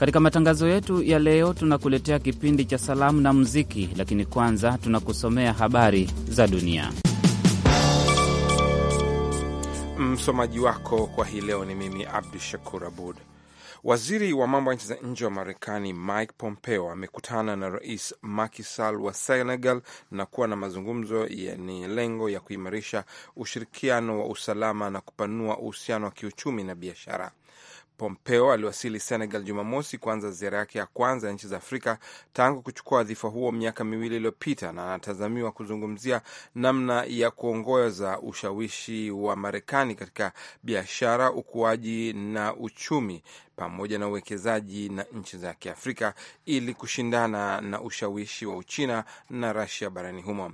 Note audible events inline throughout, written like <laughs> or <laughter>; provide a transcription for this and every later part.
Katika matangazo yetu ya leo tunakuletea kipindi cha salamu na muziki, lakini kwanza tunakusomea habari za dunia. Msomaji wako kwa hii leo ni mimi Abdu Shakur Abud. Waziri wa mambo ya nchi za nje wa Marekani Mike Pompeo amekutana na Rais Macky Sall wa Senegal na kuwa na mazungumzo yenye lengo ya kuimarisha ushirikiano wa usalama na kupanua uhusiano wa kiuchumi na biashara. Pompeo aliwasili Senegal Jumamosi kuanza ziara yake ya kwanza ya nchi za Afrika tangu kuchukua wadhifa huo miaka miwili iliyopita, na anatazamiwa kuzungumzia namna ya kuongoza ushawishi wa Marekani katika biashara, ukuaji na uchumi pamoja na uwekezaji na nchi za Kiafrika ili kushindana na ushawishi wa Uchina na Rasia barani humo.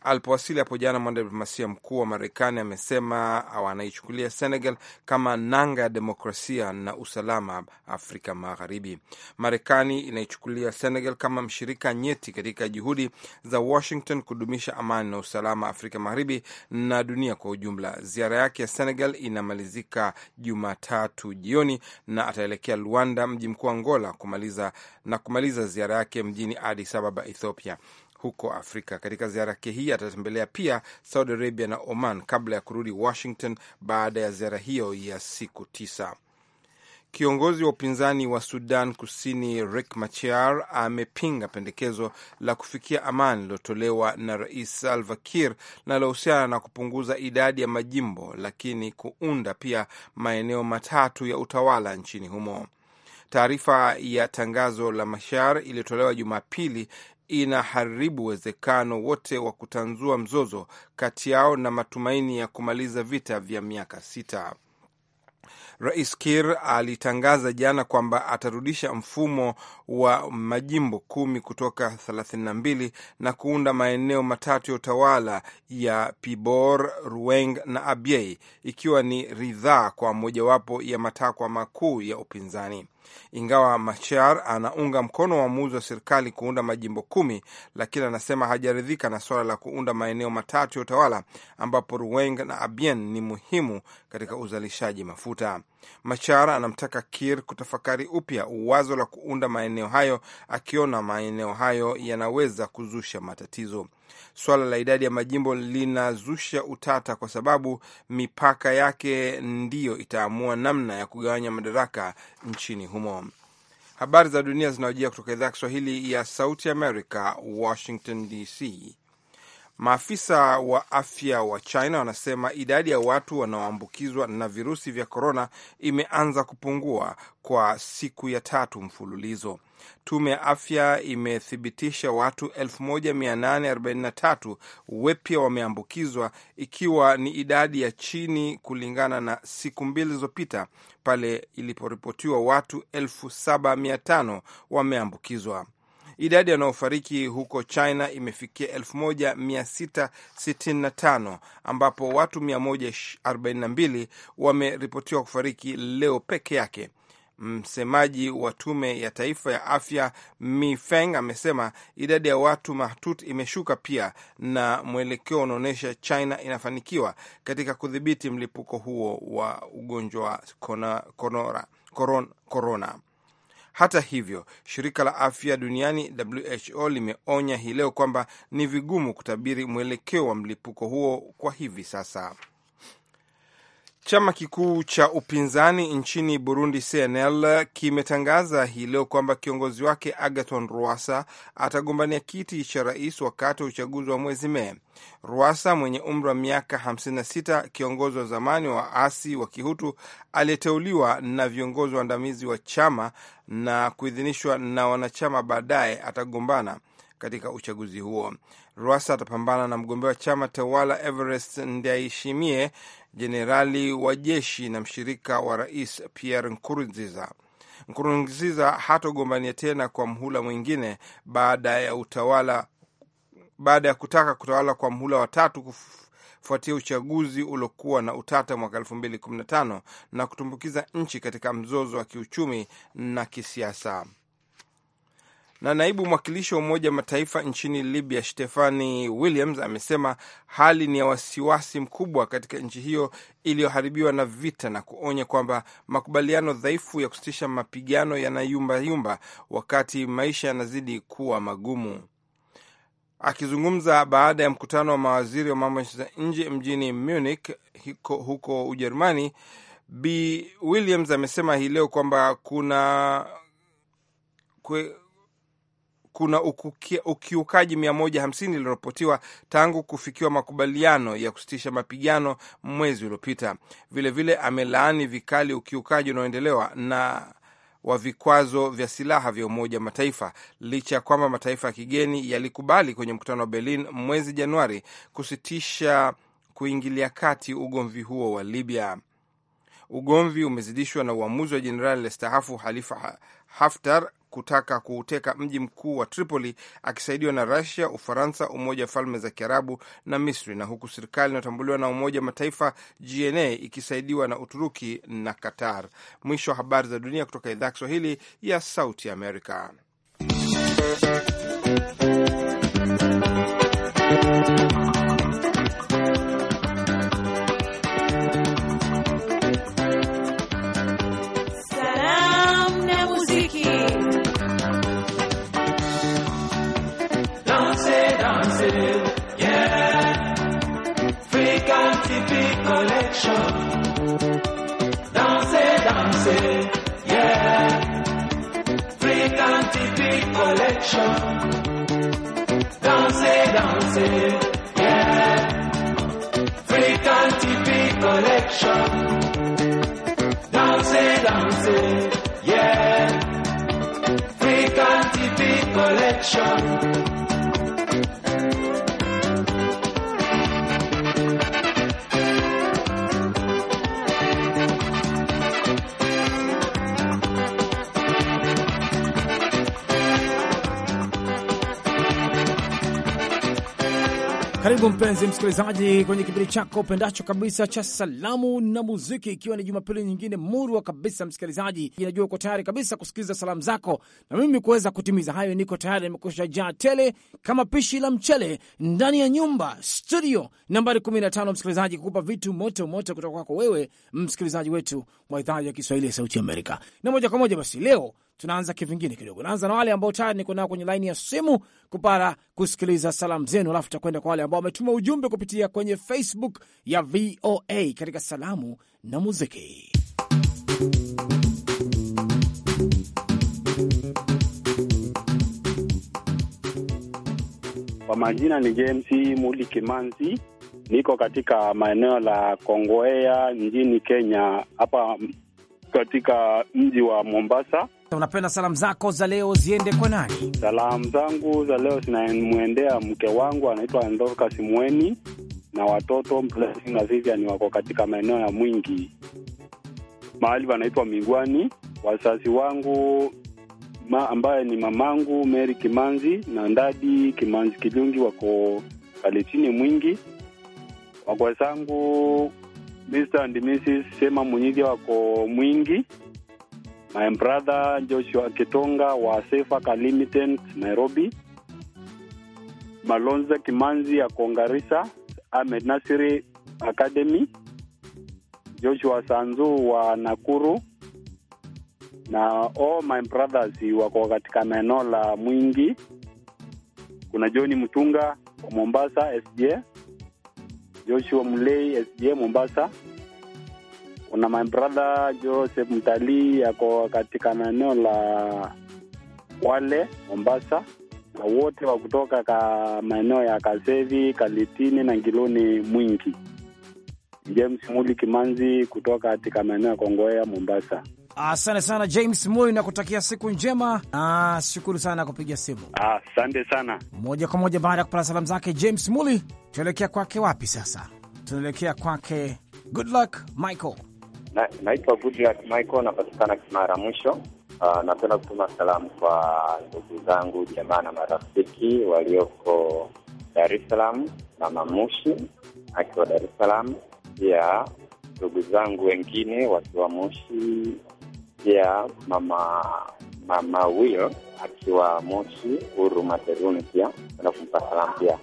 Alipowasili hapo jana, mwanadiplomasia mkuu wa Marekani amesema wanaichukulia Senegal kama nanga ya demokrasia na usalama Afrika Magharibi. Marekani inaichukulia Senegal kama mshirika nyeti katika juhudi za Washington kudumisha amani na usalama Afrika Magharibi na dunia kwa ujumla. Ziara yake ya Senegal inamalizika Jumatatu jioni na ataelekea Luanda, mji mkuu wa Angola, kumaliza na kumaliza ziara yake mjini Addis Ababa, Ethiopia huko Afrika. Katika ziara yake hii atatembelea pia Saudi Arabia na Oman kabla ya kurudi Washington baada ya ziara hiyo ya siku tisa. Kiongozi wa upinzani wa Sudan Kusini rik Machar amepinga pendekezo la kufikia amani lililotolewa na Rais Salva Kiir linalohusiana na kupunguza idadi ya majimbo, lakini kuunda pia maeneo matatu ya utawala nchini humo. Taarifa ya tangazo la Machar iliyotolewa Jumapili inaharibu uwezekano wote wa kutanzua mzozo kati yao na matumaini ya kumaliza vita vya miaka sita. Rais kir alitangaza jana kwamba atarudisha mfumo wa majimbo kumi kutoka thelathini na kuunda maeneo matatu ya utawala ya Pibor, rueng na Abyei, ikiwa ni ridhaa kwa mojawapo ya matakwa makuu ya upinzani. Ingawa Machar anaunga mkono uamuzi wa serikali kuunda majimbo kumi, lakini anasema hajaridhika na suala la kuunda maeneo matatu ya utawala ambapo Ruweng na Abien ni muhimu katika uzalishaji mafuta. Machar anamtaka Kir kutafakari upya uwazo la kuunda maeneo hayo, akiona maeneo hayo yanaweza kuzusha matatizo. Swala la idadi ya majimbo linazusha utata kwa sababu mipaka yake ndiyo itaamua namna ya kugawanya madaraka nchini humo. Habari za dunia zinawajia kutoka idhaa ya Kiswahili ya Sauti Amerika, Washington DC. Maafisa wa afya wa China wanasema idadi ya watu wanaoambukizwa na virusi vya korona imeanza kupungua kwa siku ya tatu mfululizo. Tume ya afya imethibitisha watu 1843 wepya wameambukizwa, ikiwa ni idadi ya chini kulingana na siku mbili zilizopita pale iliporipotiwa watu 7500 wameambukizwa. Idadi ya wanaofariki huko China imefikia 1665 ambapo watu 142 wameripotiwa kufariki leo peke yake. Msemaji wa tume ya taifa ya afya Mifeng amesema idadi ya watu mahututi imeshuka pia, na mwelekeo unaonyesha China inafanikiwa katika kudhibiti mlipuko huo wa ugonjwa wa korona. Hata hivyo, shirika la afya duniani WHO limeonya hii leo kwamba ni vigumu kutabiri mwelekeo wa mlipuko huo kwa hivi sasa. Chama kikuu cha upinzani nchini Burundi, CNL, kimetangaza hii leo kwamba kiongozi wake Agathon Rwasa atagombania kiti cha rais wakati wa uchaguzi wa mwezi Mei. Rwasa mwenye umri wa miaka 56, kiongozi wa zamani wa waasi wa Kihutu aliyeteuliwa na viongozi waandamizi wa chama na kuidhinishwa na wanachama, baadaye atagombana katika uchaguzi huo. Rwasa atapambana na mgombea wa chama tawala Everest Ndayishimiye, jenerali wa jeshi na mshirika wa rais Pierre Nkurunziza. Nkurunziza hatogombania tena kwa mhula mwingine baada ya utawala baada ya kutaka kutawala kwa mhula wa tatu kufuatia uchaguzi uliokuwa na utata mwaka 215 na kutumbukiza nchi katika mzozo wa kiuchumi na kisiasa na naibu mwakilishi wa Umoja Mataifa nchini Libya Stefani Williams amesema hali ni ya wasiwasi mkubwa katika nchi hiyo iliyoharibiwa na vita na kuonya kwamba makubaliano dhaifu ya kusitisha mapigano yanayumbayumba wakati maisha yanazidi kuwa magumu. Akizungumza baada ya mkutano wa mawaziri wa mambo ya nje mjini Munich huko Ujerumani, B Williams amesema hii leo kwamba kuna kwe kuna ukiukaji 150 iliripotiwa tangu kufikiwa makubaliano ya kusitisha mapigano mwezi uliopita. Vilevile amelaani vikali ukiukaji unaoendelewa na wa vikwazo vya silaha vya Umoja Mataifa licha ya kwamba mataifa ya kigeni yalikubali kwenye mkutano wa Berlin mwezi Januari kusitisha kuingilia kati ugomvi huo wa Libya. Ugomvi umezidishwa na uamuzi wa jenerali aliyestaafu Halifa Haftar kutaka kuuteka mji mkuu wa Tripoli akisaidiwa na rasia Ufaransa, Umoja wa Falme za Kiarabu na Misri, na huku serikali inayotambuliwa na Umoja wa Mataifa GNA ikisaidiwa na Uturuki na Qatar. Mwisho wa habari za dunia kutoka idhaa ya Kiswahili ya Sauti ya Amerika. Danser, danser, yeah. Frequency Beat Collection. Danser, danser. karibu mpenzi msikilizaji kwenye kipindi chako upendacho kabisa cha salamu na muziki, ikiwa ni jumapili nyingine murwa kabisa. Msikilizaji, inajua uko tayari kabisa kusikiliza salamu zako na mimi kuweza kutimiza hayo. Niko tayari, nimekusha jaa tele kama pishi la mchele ndani ya nyumba studio nambari 15, msikilizaji, kukupa vitu moto moto kutoka kwako wewe msikilizaji wetu wa idhaa ya Kiswahili ya Sauti Amerika. Na moja kwa moja basi leo tunaanza kivingine kidogo. Naanza na wale ambao tayari niko nao kwenye laini ya simu kupata kusikiliza salamu zenu, alafu tutakwenda kwa wale ambao wametuma ujumbe kupitia kwenye Facebook ya VOA katika salamu na muziki. Kwa majina ni James Muli Kimanzi, niko katika maeneo la Kongoea nchini Kenya, hapa katika mji wa Mombasa unapenda salamu zako za leo ziende kwa nani? Salamu zangu za leo zinamwendea mke wangu anaitwa Ndoka Simweni na watoto Blessing na Vivian wako katika maeneo ya Mwingi mahali wanaitwa Migwani. Wazazi wangu ma, ambaye ni mamangu Mary Kimanzi na ndadi Kimanzi Kilungi wako Kalitini Mwingi. Wakwe zangu Mr and Mrs Sema Munyidhi wako Mwingi my brother Joshua Kitonga wa Sefaka Limited Nairobi, Malonza Kimanzi ya Kongarisa, Ahmed Nasiri Academy, Joshua Sanzu wa Nakuru na all my brothers wako katika maeneo la Mwingi. Kuna John Mtunga wa Mombasa SJ, Joshua Mulei SJ Mombasa kuna my brother Joseph mtalii yako katika maeneo la Kwale, Mombasa, na wote wa kutoka ka maeneo ya Kasevi, Kalitini na Ngiloni Mwingi. James Muli Kimanzi kutoka katika maeneo ya Kongowea, Mombasa. Asante sana James Muli, na kutakia siku njema. na shukuru sana kupiga simu, asante sana. Moja kwa moja baada ya kupata salamu zake James Muli, tuelekea kwake wapi sasa? Tunaelekea kwake Goodluck Michael na, naitwa Goodluck Michael, napatikana Kimara Mwisho. Uh, napenda kutuma salamu kwa ndugu zangu jamaa na marafiki walioko Dar es Salaam, mama Mushi akiwa Dar es Salaam, pia ndugu zangu wengine wakiwa Moshi, pia mama mama Will akiwa Moshi, Huru Materuni, pia enda kumpa salamu pia.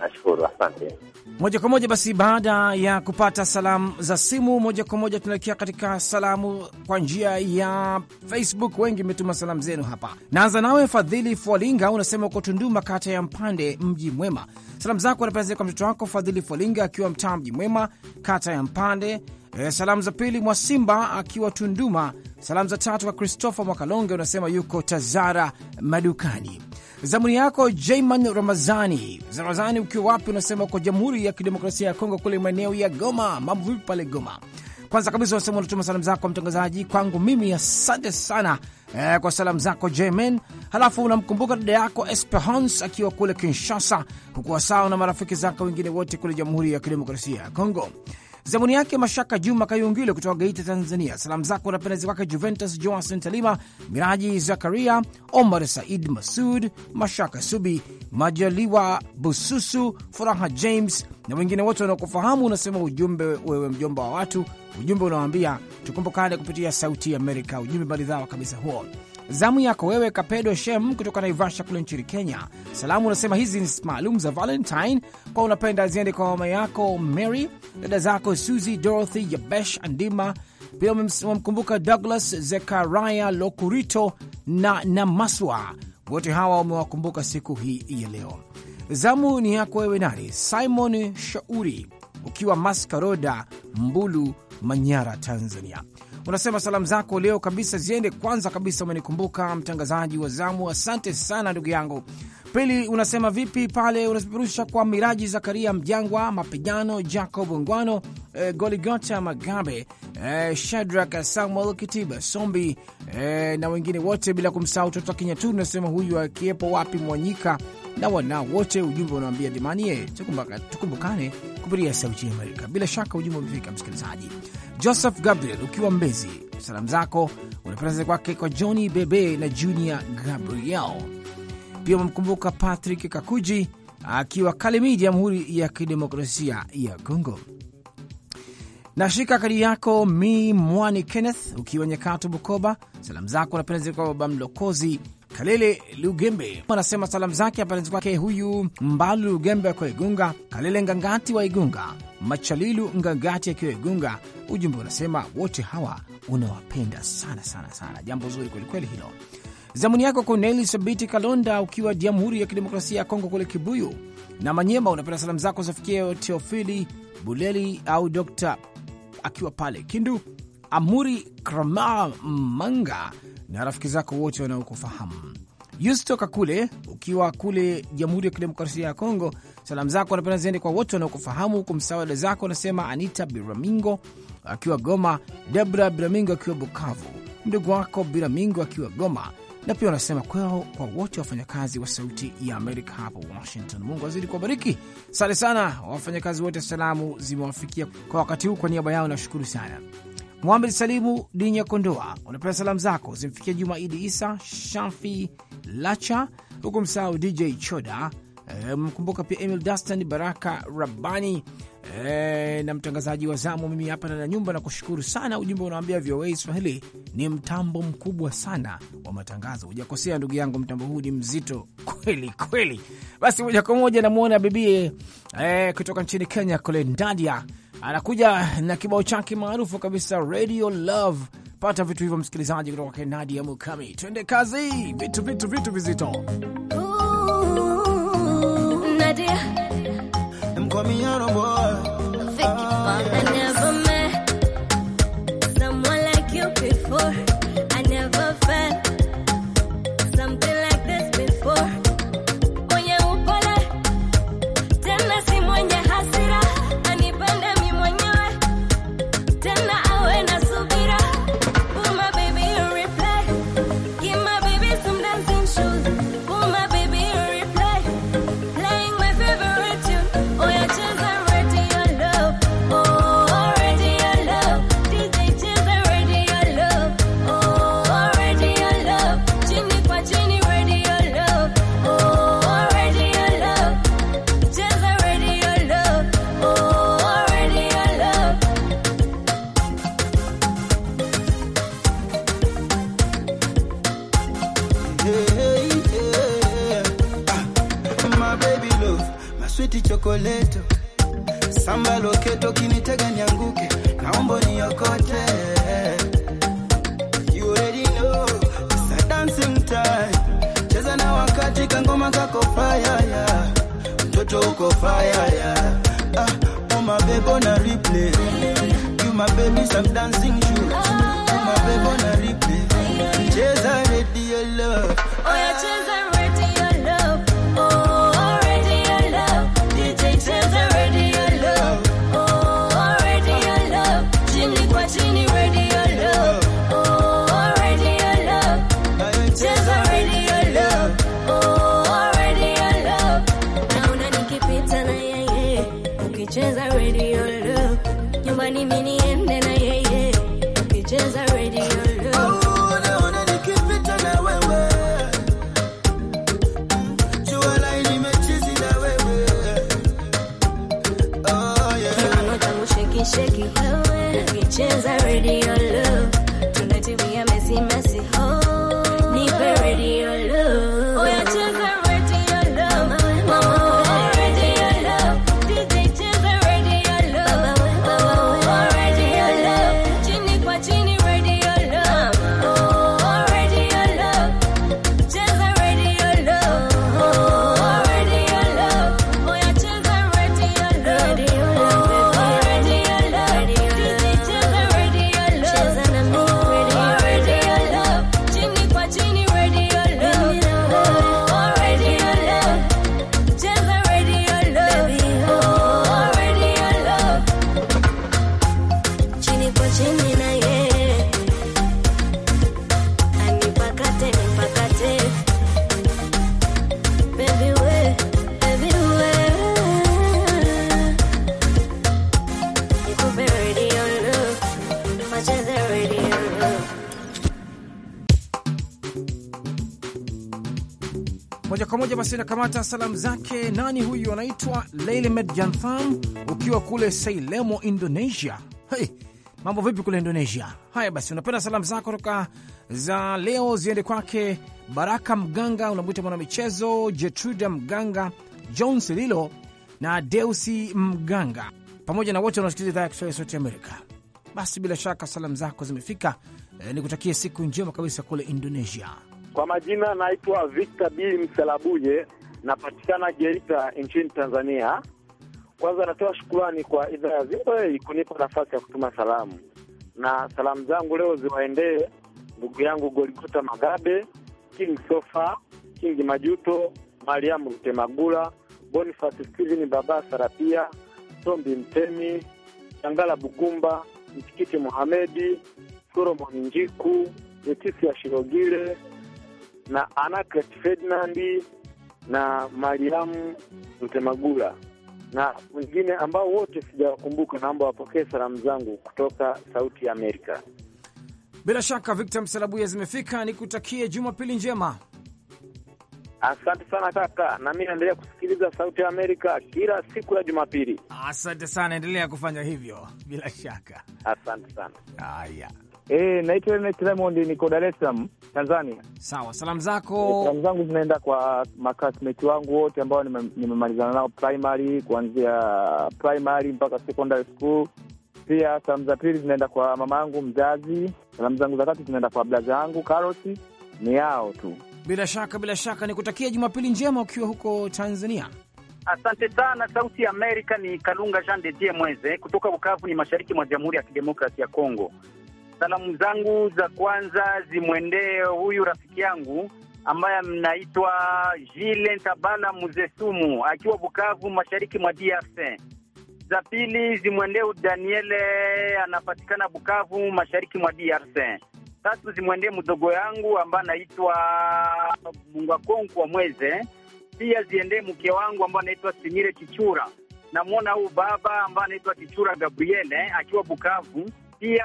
Nashukuru, asante moja kwa moja basi, baada ya kupata salamu za simu, moja kwa moja tunaelekea katika salamu kwa njia ya Facebook. Wengi mmetuma salamu zenu hapa. Naanza nawe Fadhili Folinga, unasema uko Tunduma, kata ya Mpande, mji mwema. Salamu zako anapeleza kwa mtoto wako Fadhili Folinga akiwa mtaa mji mwema, kata ya Mpande. E, salamu za pili mwa Simba akiwa Tunduma. Salamu za tatu kwa Christopher Mwakalonge, unasema yuko Tazara madukani Zamuni yako Jaiman Ramazani. Ramazani, ukiwa wapi? Unasema kwa Jamhuri ya Kidemokrasia ya Kongo, kule maeneo ya Goma. Mambo vipi pale Goma? Kwanza kabisa unasema unatuma salamu zako kwa mtangazaji. Kwangu mimi asante sana eh, kwa salamu zako Jaiman. Halafu unamkumbuka dada yako Esperance akiwa kule Kinshasa, hukuwa sawa na marafiki zako wengine wote kule Jamhuri ya Kidemokrasia ya Kongo. Zamuni yake Mashaka Juma Kayungilo kutoka Geita, Tanzania. Salamu zako napenda zikwake Juventus Joason Talima, Miraji Zakaria, Omar Said Masud, Mashaka Subi, Majaliwa Bususu, Furaha James na wengine wote wanaokufahamu. Unasema ujumbe, wewe mjomba wa watu, ujumbe unawaambia tukumbukane kupitia Sauti ya Amerika. Ujumbe maridhawa kabisa huo. Zamu yako wewe Kapedo Shem kutoka Naivasha kule nchini Kenya. Salamu unasema hizi ni maalum za Valentine kwa unapenda ziende kwa mama yako Mary, dada zako susi Dorothy, Yabesh Andima. Pia wamemkumbuka Douglas Zekaria Lokurito na Namaswa, wote hawa wamewakumbuka siku hii ya leo. Zamu ni yako wewe nani, Simon Shauri, ukiwa Maskaroda, Mbulu, Manyara, Tanzania. Unasema salamu zako leo kabisa ziende kwanza kabisa, umenikumbuka mtangazaji wa zamu, asante sana ndugu yangu. Pili unasema vipi pale, unapeperusha kwa Miraji Zakaria Mjangwa, Mapigano Jacob Ngwano, e, Goligota Magabe, e, eh, Shadrak Samuel Kitiba Sombi, e, na wengine wote, bila kumsahau Toto Kinyaturu. Unasema huyu akiwepo wapi, Mwanyika na wanao wote. Ujumbe unaambia dimanie tukumbukane kupitia Sauti ya Amerika. Bila shaka ujumbe umefika msikilizaji. Joseph Gabriel ukiwa Mbezi, salamu zako unapeleza kwake kwa johni Bebe na Junior Gabriel. Pia umemkumbuka Patrick Kakuji akiwa Kalemi, Jamhuri ya Kidemokrasia ya congo Nashika kadi yako mi Mwani Kenneth ukiwa Nyakato, Bukoba. Salamu zako unapeleza kwa Baba Mlokozi Kalele Lugembe anasema salamu zake apatezi kwake huyu Mbalu Lugembe akiwa Igunga, Kalele Ngangati wa Igunga, Machalilu Ngangati akiwa Igunga. Ujumbe unasema wote hawa unawapenda sana sana sana. Jambo zuri kwelikweli hilo. Zamuni yako Koneli Sabiti Kalonda ukiwa Jamhuri ya Kidemokrasia ya Kongo kule Kibuyu na Manyema, unapenda salamu zako zafikie Teofili Buleli au Dr akiwa pale Kindu Amuri krama manga na rafiki zako wote wanaokufahamu. Yusto Kakule, ukiwa kule Jamhuri ya Kidemokrasia ya Kongo, salamu zako anapenda ziende kwa wote wanaokufahamu huku. msawada zako anasema Anita Biramingo akiwa Goma, Debra Biramingo akiwa Bukavu, mdogo wako Biramingo akiwa Goma, na pia wanasema kwao kwa wote wafanyakazi wa Sauti ya Amerika hapo Washington. Mungu azidi kuwabariki. Asante sana wafanyakazi wote, salamu zimewafikia kwa wakati huu. Kwa niaba yao nashukuru sana. Muhamed Salimu Dinya Kondoa, unapewa salamu zako zimfikia Juma Idi Isa Shafi Lacha, huku msahau DJ Choda. Eh, mkumbuka pia Emil Dastan Baraka Rabani e, eh, na mtangazaji wa zamu. Mimi hapa na nyumba na kushukuru sana. Ujumbe unaambia VOA Swahili ni mtambo mkubwa sana wa matangazo. Hujakosea ndugu yangu, mtambo huu ni mzito kweli kweli. Basi moja kwa moja namwona bibie e, eh, kutoka nchini Kenya kule Ndadia anakuja na kibao chake maarufu kabisa Radio Love. Pata vitu hivyo msikilizaji, kutoka Kenadi ya Mukami. Twende kazi, vitu vitu vitu vizito Ooh, samba loketo kinitega nyanguke, naomba niokote. You already know, it's a dancing time. Cheza na wakati kangoma kako fire ya. Mtoto uko fire ya. Ah, oh my baby on replay. You my baby some dancing shoes. Oh my baby on replay. She's already nakamata salamu zake. Nani huyu? Anaitwa Leilimed Jantham, ukiwa kule Sailemo, Indonesia. Hey, mambo vipi kule Indonesia? Haya basi, unapenda salamu zako toka za leo ziende kwake Baraka Mganga, unamwita mwanamichezo Jetruda Mganga, Jones Lilo na Deusi Mganga, pamoja na wote wanaosikiliza idhaa ya Kiswahili Sauti Amerika. Basi bila shaka salamu zako zimefika. E, eh, ni kutakia siku njema kabisa kule Indonesia. Kwa majina naitwa Victor B Msalabuye, napatikana Geita nchini Tanzania. Kwanza natoa shukurani kwa idhaa ya VOA kunipa nafasi ya kutuma salamu, na salamu zangu leo ziwaendee ndugu yangu Goligota Magabe, King Sofa, King Majuto, Mariamu Rutemagula, Bonifas Steven, Baba Sarapia, Tombi Mtemi, Shangala Bugumba, Mtikiti Muhamedi, solomoni Njiku, Letisia Shirogile na Anaclet Ferdinand na Mariamu Mtemagula na wengine ambao wote sijawakumbuka, naomba wapokee salamu zangu kutoka Sauti ya Amerika. Bila shaka Victor Msalabuya zimefika, nikutakie Jumapili njema. Asante sana kaka, na mi naendelea kusikiliza Sauti ya Amerika kila siku ya Jumapili. Asante sana, endelea kufanya hivyo bila shaka. Asante sana. Haya. Eh, naitwa Ernest Raymond, niko Dar es Salaam, Tanzania. Sawa, salamu zako. E, salamu zangu zinaenda kwa makasmeti wangu wote ambao nimemalizana nao primary, kuanzia primary mpaka secondary school. Pia salamu za pili zinaenda kwa mama yangu mzazi. Salamu zangu za tatu zinaenda kwa blaza yangu Carlos. Ni yao tu. Bila shaka, bila shaka, nikutakia Jumapili njema ukiwa huko Tanzania. Asante sana Sauti ya Amerika. Ni Kalunga Jean de Dieu Mweze kutoka Bukavu, ni mashariki mwa Jamhuri ya Kidemokrasia ya Kongo. Salamu zangu za kwanza zimwendee huyu rafiki yangu ambaye mnaitwa Jile Ntabala Muzesumu akiwa Bukavu, mashariki mwa DRC. Za pili zimwendee Daniele, anapatikana Bukavu, mashariki mwa DRC. Tatu zimwendee mdogo yangu ambaye anaitwa Mungakonku wa Mweze. Pia ziendee mke wangu ambaye anaitwa Simire Kichura. Namwona huu baba ambaye anaitwa Kichura Gabriele akiwa Bukavu pia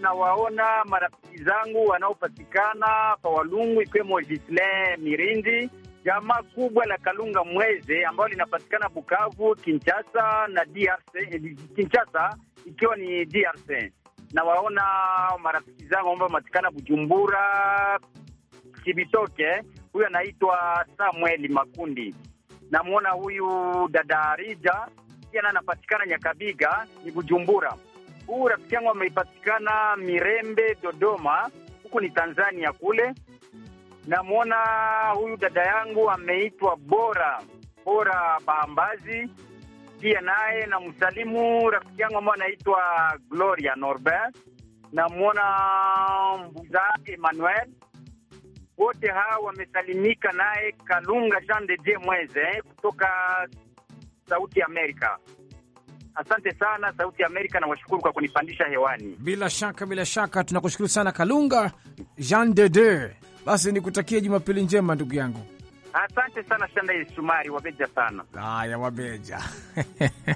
nawaona marafiki zangu wanaopatikana kwa Walungu, ikiwemo Gislin Mirindi, jamaa kubwa la Kalunga Mweze ambayo linapatikana Bukavu, Kinshasa na DRC, Kinshasa ikiwa ni DRC. Nawaona marafiki zangu ambao wanapatikana Bujumbura, Kibitoke, huyu anaitwa samueli Makundi. Namwona huyu dada Rija pia anapatikana Nyakabiga, ni Bujumbura huu rafiki yangu ameipatikana Mirembe, Dodoma, huku ni Tanzania kule. Namwona huyu dada yangu ameitwa Bora Bora Bambazi, pia naye na msalimu rafiki yangu ambayo anaitwa Gloria Norbert, namwona Mbuza Emmanuel, wote hawa wamesalimika naye Kalunga Jean de Dieu Mweze kutoka Sauti Amerika. Asante sana Sauti ya Amerika na washukuru kwa kunipandisha hewani. Bila shaka, bila shaka tunakushukuru sana Kalunga Jean Dede. basi Basi nikutakia Jumapili njema ndugu yangu. Asante sana shanda Shumari, wabeja sana. Haya, wabeja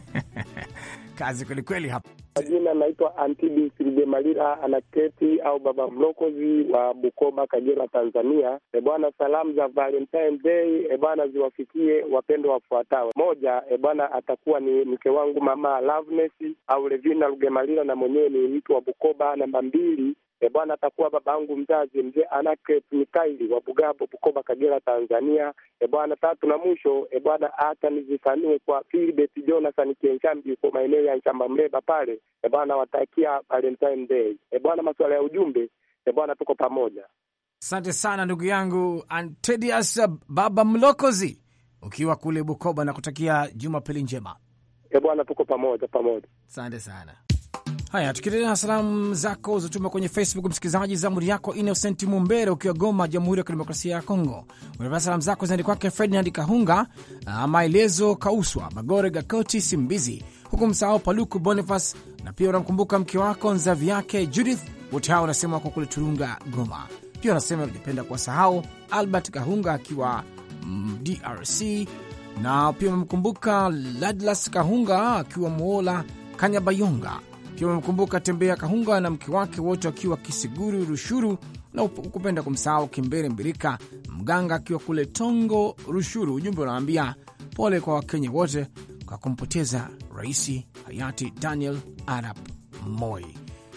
<laughs> kazi kwelikweli hapa. Majina anaitwa Antibi Malira, Anaketi au Baba Mlokozi wa Bukoma, Kagera, Tanzania. Ebwana, salamu za Valentine Day ebwana ziwafikie wapendwa wafuatao. Moja, ebwana atakuwa ni mke wangu Mama Loveness au Levina Lugemalila na mwenyewe ni mtu wa Bukoba. Namba mbili E bwana, atakuwa babangu mzazi mzee Anacret Mikaili wa Bugabo, Bukoba, Kagera, Tanzania. E bwana, tatu na mwisho, e bwana, hata nizisanue kwa Philbert Jonathan Kienshambi uko maeneo ya Nshamba Mleba pale. E bwana, watakia Valentine Day. E bwana, masuala ya ujumbe, e bwana, tuko pamoja. Asante sana ndugu yangu Antedias Baba Mlokozi, ukiwa kule Bukoba, na kutakia Jumapili njema. E bwana, tuko pamoja pamoja, asante sana. Haya, tukiendelea na salamu zako uzotuma kwenye Facebook, msikilizaji, zamuri yako Innocent Mumbere ukiwa Goma, Jamhuri ya Kidemokrasia ya Kongo, unapea salamu zako zinaendi kwake Ferdinand Kahunga, ah, Maelezo Kauswa, Magore Gakoti Simbizi, huku msahau Paluku Bonifas, na pia unamkumbuka mke wako nzavi yake Judith. Wote hao wanasema wako kule Turunga, Goma. Pia unasema ungependa kuwasahau Albert Kahunga akiwa mm, DRC, na pia umemkumbuka Ladlas Kahunga akiwa Mwola Kanyabayonga pia amemkumbuka Tembea Kahunga na mke wake wote wakiwa Kisiguru Rushuru, na ukupenda kumsahau Kimbere Mbirika mganga akiwa kule Tongo Rushuru. Ujumbe unaambia pole kwa Wakenya wote kwa kumpoteza rais hayati Daniel Arap Moi.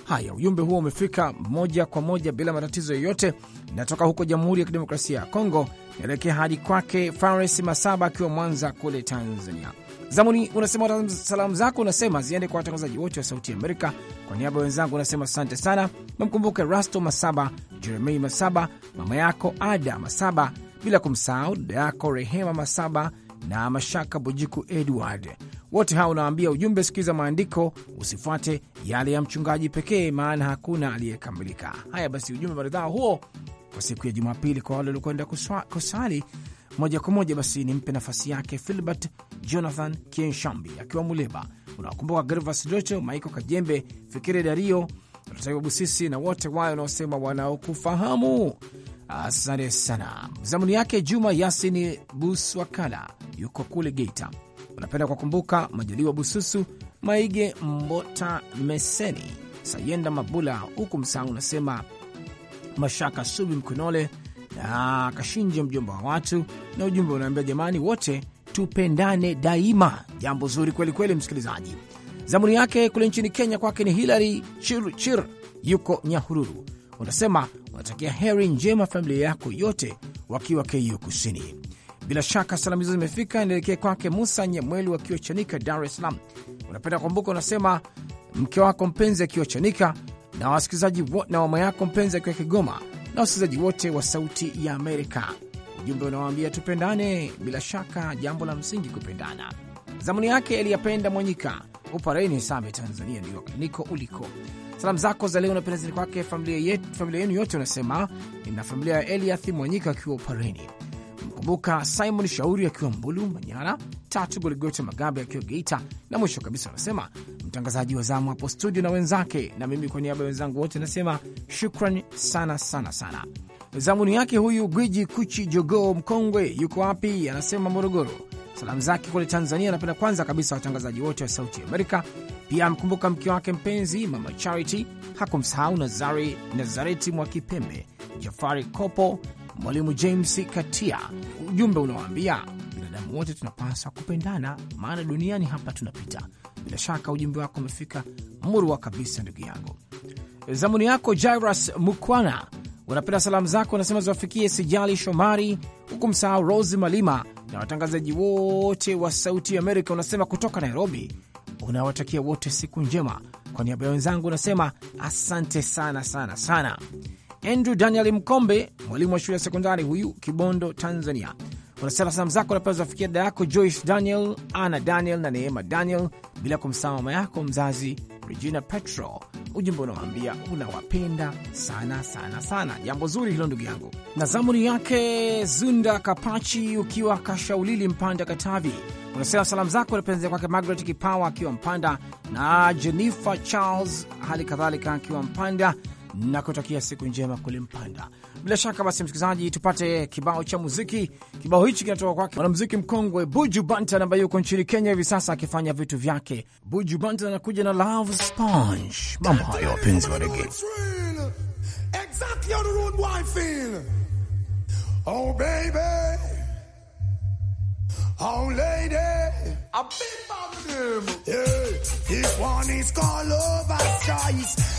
Haya, ujumbe huo umefika moja kwa moja bila matatizo yoyote. Natoka huko Jamhuri ya Kidemokrasia ya Kongo naelekea hadi kwake Fares Masaba akiwa Mwanza kule Tanzania. Zamuni unasema salamu zako unasema ziende kwa watangazaji wote wa Sauti Amerika. Kwa niaba ya wenzangu unasema asante sana. Namkumbuke Rasto Masaba, Jeremei Masaba, mama yako Ada Masaba, bila kumsahau dada yako Rehema Masaba na Mashaka Bujiku Edward. Wote hawa unawaambia ujumbe, sikiza maandiko, usifuate yale ya mchungaji pekee, maana hakuna aliyekamilika. Haya basi, ujumbe maridhaa huo kwa siku ya Jumapili kwa wale waliokwenda kuswali moja kwa moja basi nimpe nafasi yake Filbert Jonathan Kienshambi akiwa Muleba. Unawakumbuka Gervas Doto, Maiko Kajembe, Fikire Dario, Rutahiwa Busisi na wote wao wanaosema wanaokufahamu. Asante sana. Zamuni yake Juma Yasini Buswakala yuko kule Geita. Unapenda kuwakumbuka Majaliwa Bususu, Maige Mbota, Meseni Sayenda Mabula, huku msaa unasema Mashaka Subi Mkunole na Kashinje, mjomba wa watu, na ujumbe unaambia jamani, wote tupendane daima. Jambo zuri kweli kweli, msikilizaji. Zamuni yake kule nchini Kenya kwake ni Hilary Chir, Chir yuko Nyahururu, unasema unatakia heri njema familia yako yote wakiwa KU Kusini. Bila shaka salamu hizo zimefika, nielekee kwake Musa Nyamweli wakiwa Chanika, Dar es Salaam. Unapenda kumbuka, unasema mke wako mpenzi akiwa Chanika na wasikilizaji na mama yako mpenzi akiwa Kigoma na wasikilizaji wote wa Sauti ya Amerika. Ujumbe unawaambia tupendane, bila shaka jambo la msingi kupendana. Zamuni yake Eliyapenda Mwanyika, Upareni Same, Tanzania, niko uliko. Salamu zako za leo unapendezani kwake familia yenu yote, unasema na familia ya Eliathi Mwanyika akiwa Upareni Kumbuka Simon Shauri akiwa Mbulu, Manyara, tatu Goligote Magabe akiwa Geita, na mwisho kabisa anasema mtangazaji wa zamu hapo studio na wenzake, na mimi kwa niaba ya wenzangu wote nasema shukran sana sana sana. Zamuni yake huyu gwiji kuchi jogoo mkongwe, yuko wapi? Anasema Morogoro. Salamu zake kule Tanzania anapenda kwanza kabisa watangazaji wote wa Sauti Amerika. Pia amkumbuka mke wake mpenzi Mama Charity, hakumsahau Nazari Nazareti Mwakipembe, Jafari Kopo, Mwalimu James Katia, ujumbe unawaambia binadamu wote tunapaswa kupendana, maana duniani hapa tunapita. Bila shaka ujumbe wako umefika murwa kabisa, ndugu yangu. Zamuni yako Jairas Mukwana, unapenda salamu zako unasema ziwafikie Sijali Shomari, huku msahau Rosi Malima na watangazaji wote wa Sauti Amerika. Unasema kutoka Nairobi unawatakia wote siku njema. Kwa niaba ya wenzangu unasema asante sana sana sana. Andrew Daniel Mkombe, mwalimu wa shule ya sekondari huyu, Kibondo, Tanzania, unasema salamu zako napea zafikia dada yako Joyce Daniel, Ana Daniel na Neema Daniel, bila kumsahau mama yako mzazi Regina Petro. Ujumbe unawaambia unawapenda sana sana sana. Jambo zuri hilo ndugu yangu. Na zamuni yake Zunda Kapachi, ukiwa Kashaulili, Mpanda, Katavi, unasema salamu zako napendeza kwake Margaret Kipawa akiwa Mpanda na Jennifer Charles hali kadhalika akiwa Mpanda na kutakia siku njema kule Mpanda. Bila shaka basi, msikilizaji, tupate kibao cha muziki. Kibao hichi kinatoka kwake mwanamuziki mkongwe Buju Banton ambaye yuko nchini Kenya hivi sasa akifanya vitu vyake. Buju Banton anakuja na Love Sponge. Mambo hayo, wapenzi wa rege oh, oh lady, I've been bothered him. Yeah, this one is called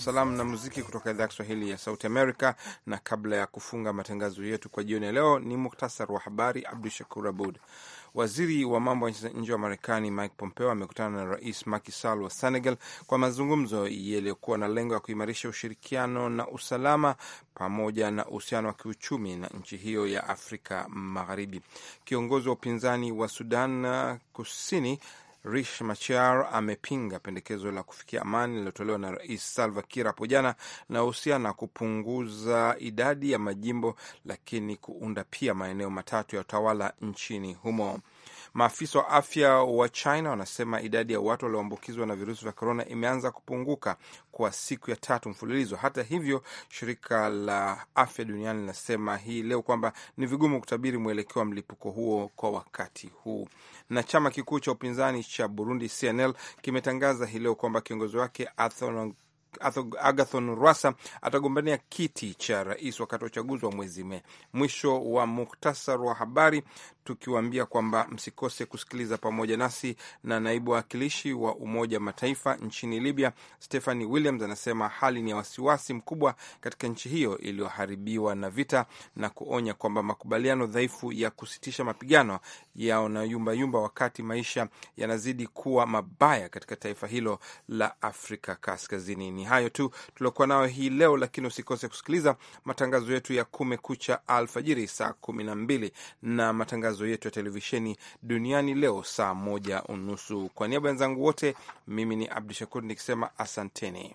salamu na muziki kutoka idhaa ya Kiswahili ya Sauti Amerika. Na kabla ya kufunga matangazo yetu kwa jioni ya leo, ni muktasar wa habari. Abdu Shakur Abud. Waziri wa mambo ya nje wa Marekani Mike Pompeo amekutana na Rais Macky Sall wa Senegal kwa mazungumzo yaliyokuwa na lengo ya kuimarisha ushirikiano na usalama pamoja na uhusiano wa kiuchumi na nchi hiyo ya Afrika Magharibi. Kiongozi wa upinzani wa Sudan Kusini Rish Machar amepinga pendekezo la kufikia amani lililotolewa na Rais Salva Kiir hapo jana linayohusiana na kupunguza idadi ya majimbo, lakini kuunda pia maeneo matatu ya utawala nchini humo. Maafisa wa afya wa China wanasema idadi ya watu walioambukizwa na virusi vya korona imeanza kupunguka kwa siku ya tatu mfululizo. Hata hivyo, shirika la afya duniani linasema hii leo kwamba ni vigumu kutabiri mwelekeo wa mlipuko huo kwa wakati huu. Na chama kikuu cha upinzani cha Burundi CNL kimetangaza hii leo kwamba kiongozi wake Agathon Rwasa atagombania kiti cha rais wakati wa uchaguzi wa mwezi Mei. Mwisho wa muktasar wa habari tukiwaambia kwamba msikose kusikiliza pamoja nasi. Na naibu wakilishi wa Umoja wa Mataifa nchini Libya, Stephanie Williams, anasema hali ni ya wasiwasi mkubwa katika nchi hiyo iliyoharibiwa na vita, na kuonya kwamba makubaliano dhaifu ya kusitisha mapigano yanayumbayumba wakati maisha yanazidi kuwa mabaya katika taifa hilo la Afrika Kaskazini. Ni hayo tu tuliokuwa nayo hii leo, lakini usikose kusikiliza matangazo yetu ya Kumekucha alfajiri saa kumi na mbili na matangazo matangazo yetu ya televisheni duniani leo saa moja unusu. Kwa niaba ya wenzangu wote, mimi ni Abdu Shakur nikisema asanteni.